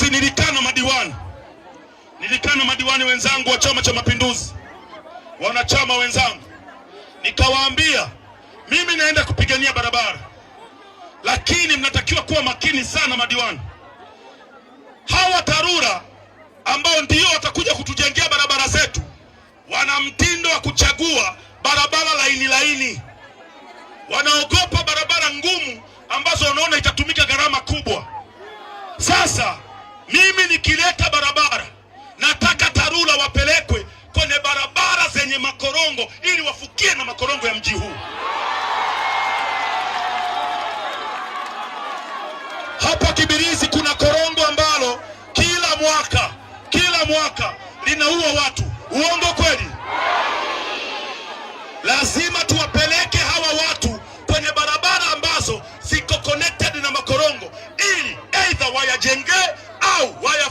Mapinduzi nilikaa madiwani, nilikana madiwani wenzangu wa Chama cha Mapinduzi, wanachama wenzangu, nikawaambia mimi naenda kupigania barabara, lakini mnatakiwa kuwa makini sana madiwani. Hawa TARURA ambao ndio watakuja kutujengea barabara zetu, wana mtindo wa kuchagua barabara laini laini, wanaogopa barabara ngumu ambazo wanaona itatumika gharama kubwa. Sasa mimi nikileta barabara, nataka TARURA wapelekwe kwenye barabara zenye makorongo ili wafukie na makorongo ya mji huu. Hapa Kibiri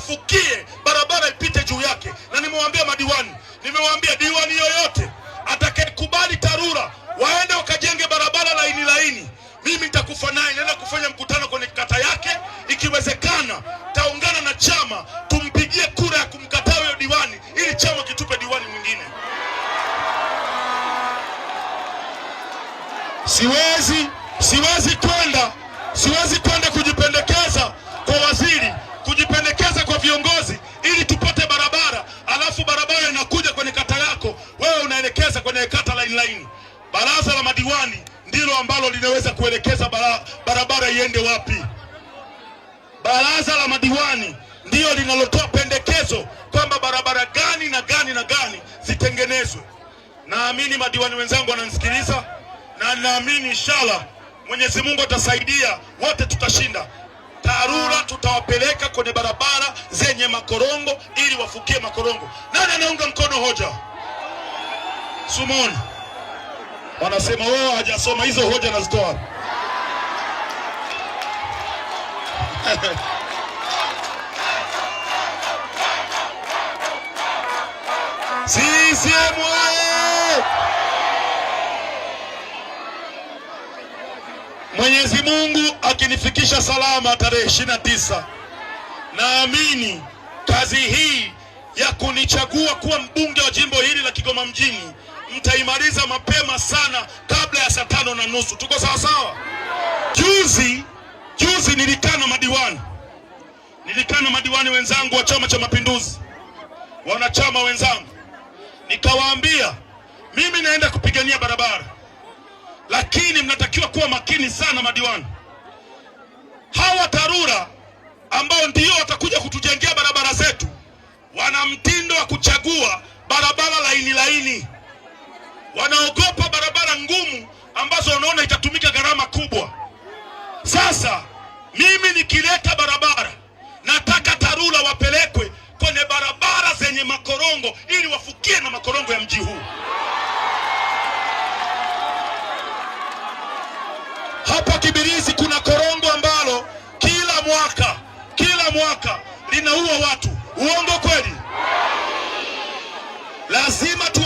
afukie, barabara ipite juu yake. Na nimewaambia madiwani, nimewaambia diwani yoyote atakayekubali TARURA waende wakajenge barabara laini laini, mimi nitakufa naye. Naenda kufanya mkutano kwenye kata yake, ikiwezekana taungana na chama tumpigie kura ya kumkataa huyo diwani, ili chama kitupe diwani mwingine. Siwezi, siwezi kwenda, siwezi kwenda kujipenda diwani ndilo ambalo linaweza kuelekeza barabara iende wapi. Baraza la madiwani ndiyo linalotoa pendekezo kwamba barabara gani na gani na gani zitengenezwe. Naamini madiwani wenzangu wananisikiliza, na naamini inshallah Mwenyezi Mungu atasaidia, wote tutashinda. TARURA tutawapeleka kwenye barabara zenye makorongo ili wafukie makorongo. Nani anaunga mkono hoja? Sumoni wanasema wao hajasoma hizo hoja nazitoa. CCM Mwenyezi Mungu akinifikisha salama tarehe 29, naamini kazi hii ya kunichagua kuwa mbunge wa jimbo hili la Kigoma mjini mtaimaliza mapema sana kabla ya saa tano na nusu. Tuko sawa sawa? Juzi juzi nilikaa na madiwani, nilikaa na madiwani wenzangu wa Chama cha Mapinduzi, wanachama wenzangu, nikawaambia mimi naenda kupigania barabara, lakini mnatakiwa kuwa makini sana madiwani. Hawa TARURA ambao ndio watakuja kutujengea barabara zetu, wana mtindo wa kuchagua barabara laini laini wanaogopa barabara ngumu ambazo wanaona itatumika gharama kubwa. Sasa mimi nikileta barabara, nataka TARURA wapelekwe kwenye barabara zenye makorongo ili wafukie na makorongo ya mji huu. Hapa Kibirizi kuna korongo ambalo kila mwaka kila mwaka linaua watu. Uongo kweli? Lazima tu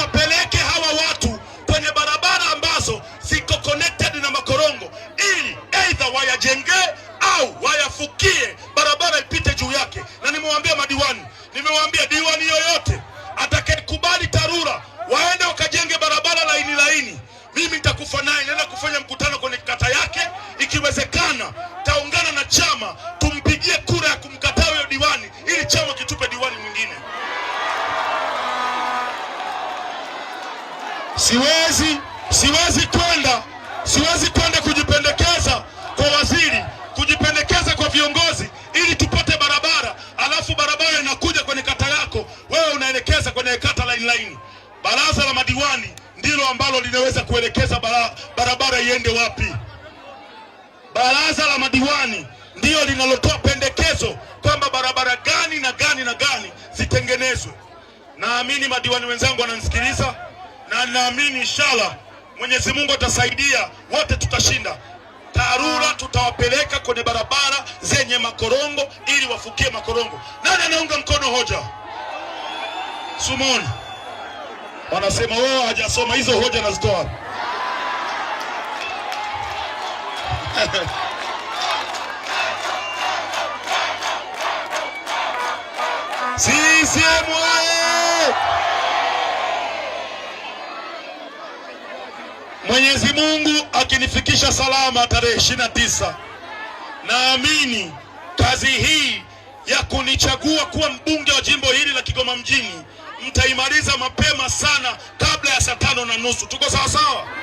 ikiwezekana taungana na chama tumpigie kura ya kumkataa huyo diwani ili chama kitupe diwani mwingine. Siwezi, siwezi kwenda, siwezi kwenda kujipendekeza kwa waziri, kujipendekeza kwa viongozi ili tupate barabara, alafu barabara inakuja kwenye kata yako, wewe unaelekeza kwenye kata line line. Baraza la madiwani ndilo ambalo linaweza kuelekeza barabara iende wapi baraza la madiwani ndiyo linalotoa pendekezo kwamba barabara gani na gani na gani zitengenezwe. Naamini madiwani wenzangu wananisikiliza, na naamini inshallah Mwenyezi Mungu atasaidia, wote tutashinda. TARURA tutawapeleka kwenye barabara zenye makorongo ili wafukie makorongo. Nani anaunga mkono hoja? Sumoni wanasema wao oh, hajasoma hizo hoja, nazitoa CCM Mwenyezi Mungu akinifikisha salama tarehe 29, naamini kazi hii ya kunichagua kuwa mbunge wa jimbo hili la Kigoma mjini mtaimaliza mapema sana kabla ya saa tano na nusu. Tuko sawa sawa?